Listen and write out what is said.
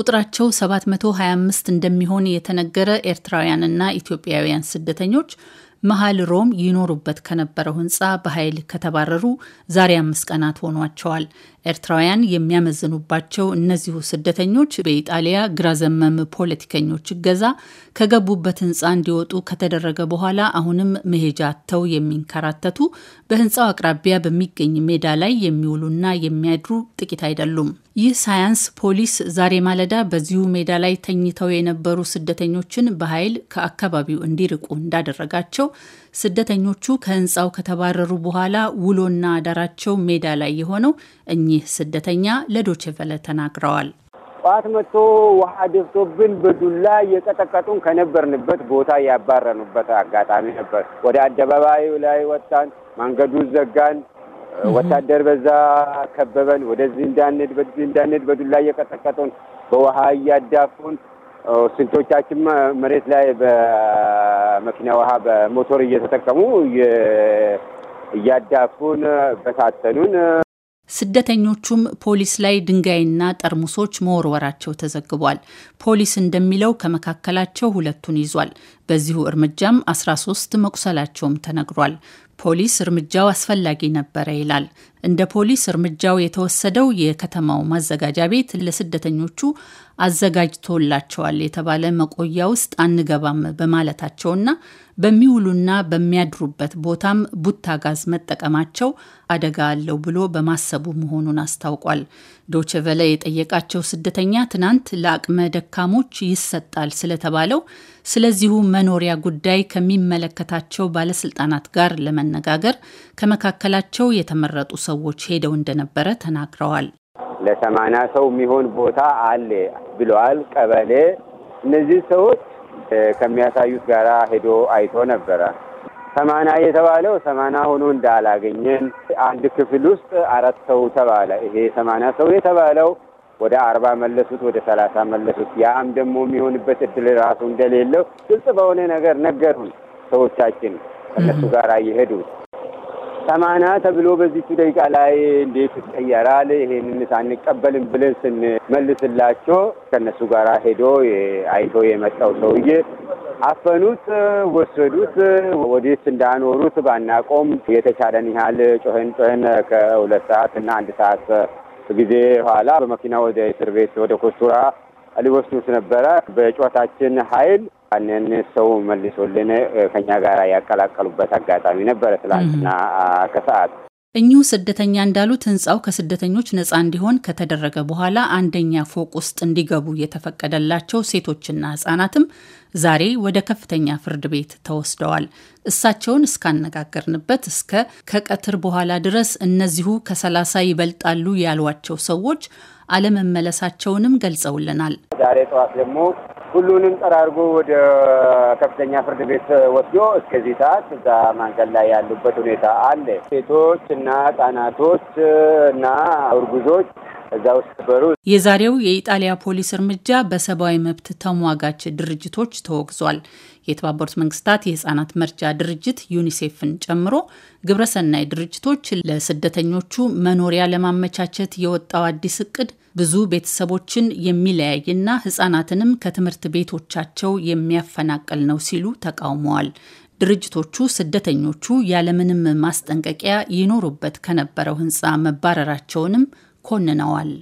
ቁጥራቸው 725 እንደሚሆን የተነገረ ኤርትራውያንና ኢትዮጵያውያን ስደተኞች መሀል ሮም ይኖሩበት ከነበረው ህንፃ በኃይል ከተባረሩ ዛሬ አምስት ቀናት ሆኗቸዋል። ኤርትራውያን የሚያመዝኑባቸው እነዚሁ ስደተኞች በኢጣሊያ ግራዘመም ፖለቲከኞች እገዛ ከገቡበት ህንፃ እንዲወጡ ከተደረገ በኋላ አሁንም መሄጃ አጥተው የሚንከራተቱ በህንፃው አቅራቢያ በሚገኝ ሜዳ ላይ የሚውሉና የሚያድሩ ጥቂት አይደሉም። ይህ ሳያንስ ፖሊስ ዛሬ ማለዳ በዚሁ ሜዳ ላይ ተኝተው የነበሩ ስደተኞችን በኃይል ከአካባቢው እንዲርቁ እንዳደረጋቸው ስደተኞቹ ከህንፃው ከተባረሩ በኋላ ውሎና አዳራቸው ሜዳ ላይ የሆነው እኚህ ስደተኛ ለዶችቨለ ተናግረዋል። ጠዋት መጥቶ ውሃ ደፍቶብን በዱላ እየቀጠቀጡን ከነበርንበት ቦታ ያባረኑበት አጋጣሚ ነበር። ወደ አደባባዩ ላይ ወጣን፣ መንገዱን ዘጋን። ወታደር በዛ ከበበን። ወደዚህ እንዳንድ በዚህ እንዳንድ በዱላ እየቀጠቀጡን፣ በውሃ እያዳፉን፣ ስንቶቻችን መሬት ላይ በመኪና ውሃ በሞቶር እየተጠቀሙ እያዳፉን በታተኑን። ስደተኞቹም ፖሊስ ላይ ድንጋይና ጠርሙሶች መወርወራቸው ተዘግቧል። ፖሊስ እንደሚለው ከመካከላቸው ሁለቱን ይዟል። በዚሁ እርምጃም 13 መቁሰላቸውም ተነግሯል። ፖሊስ እርምጃው አስፈላጊ ነበረ ይላል። እንደ ፖሊስ እርምጃው የተወሰደው የከተማው ማዘጋጃ ቤት ለስደተኞቹ አዘጋጅቶላቸዋል የተባለ መቆያ ውስጥ አንገባም በማለታቸውና በሚውሉና በሚያድሩበት ቦታም ቡታ ጋዝ መጠቀማቸው አደጋ አለው ብሎ በማሰቡ መሆኑን አስታውቋል። ዶችቨለ የጠየቃቸው ስደተኛ ትናንት ለአቅመ ደካሞች ይሰጣል ስለተባለው ስለዚሁ መኖሪያ ጉዳይ ከሚመለከታቸው ባለስልጣናት ጋር ለመነጋገር ከመካከላቸው የተመረጡ ሰዎች ሄደው እንደነበረ ተናግረዋል። ለሰማንያ ሰው የሚሆን ቦታ አለ ብለዋል ቀበሌ። እነዚህ ሰዎች ከሚያሳዩት ጋር ሄዶ አይቶ ነበረ። ሰማና የተባለው ሰማና ሆኖ እንዳላገኘን አንድ ክፍል ውስጥ አራት ሰው ተባለ። ይሄ ሰማና ሰው የተባለው ወደ አርባ መለሱት፣ ወደ ሰላሳ መለሱት። ያም ደግሞ የሚሆንበት እድል ራሱ እንደሌለው ግልጽ በሆነ ነገር ነገሩን ሰዎቻችን ከነሱ ጋር እየሄዱ ሰማና ተብሎ በዚቹ ደቂቃ ላይ እንዴት ይቀየራል? ይሄንን አንቀበልም ብለን ስንመልስላቸው ከነሱ ጋር ሄዶ አይቶ የመጣው ሰውዬ አፈኑት፣ ወሰዱት፣ ወዴት እንዳኖሩት ባናቆም የተቻለን ያህል ጮህን ጮህን ከሁለት ሰዓት እና አንድ ሰዓት ጊዜ ኋላ በመኪና ወደ እስር ቤት ወደ ኮስቱራ ሊወስዱት ነበረ። በጨዋታችን ኃይል ያንን ሰው መልሶልን ከኛ ጋር ያቀላቀሉበት አጋጣሚ ነበረ ትላንትና ከሰዓት። እኚሁ ስደተኛ እንዳሉት ህንፃው ከስደተኞች ነፃ እንዲሆን ከተደረገ በኋላ አንደኛ ፎቅ ውስጥ እንዲገቡ የተፈቀደላቸው ሴቶችና ህጻናትም ዛሬ ወደ ከፍተኛ ፍርድ ቤት ተወስደዋል። እሳቸውን እስካነጋገርንበት እስከ ከቀትር በኋላ ድረስ እነዚሁ ከሰላሳ ይበልጣሉ ያሏቸው ሰዎች አለመመለሳቸውንም ገልጸውልናል። ዛሬ ጠዋት ደግሞ ሁሉንም ጠራርጎ ወደ ከፍተኛ ፍርድ ቤት ወስዶ እስከዚህ ሰዓት እዛ ማንገድ ላይ ያሉበት ሁኔታ አለ። ሴቶች እና ህጻናቶች እና እርጉዞች እዛ ውስጥ ነበሩ። የዛሬው የኢጣሊያ ፖሊስ እርምጃ በሰብአዊ መብት ተሟጋች ድርጅቶች ተወግዟል። የተባበሩት መንግስታት የህጻናት መርጃ ድርጅት ዩኒሴፍን ጨምሮ ግብረሰናይ ድርጅቶች ለስደተኞቹ መኖሪያ ለማመቻቸት የወጣው አዲስ እቅድ ብዙ ቤተሰቦችን የሚለያይና ህጻናትንም ከትምህርት ቤቶቻቸው የሚያፈናቅል ነው ሲሉ ተቃውመዋል። ድርጅቶቹ ስደተኞቹ ያለምንም ማስጠንቀቂያ ይኖሩበት ከነበረው ህንፃ መባረራቸውንም ኮንነዋል።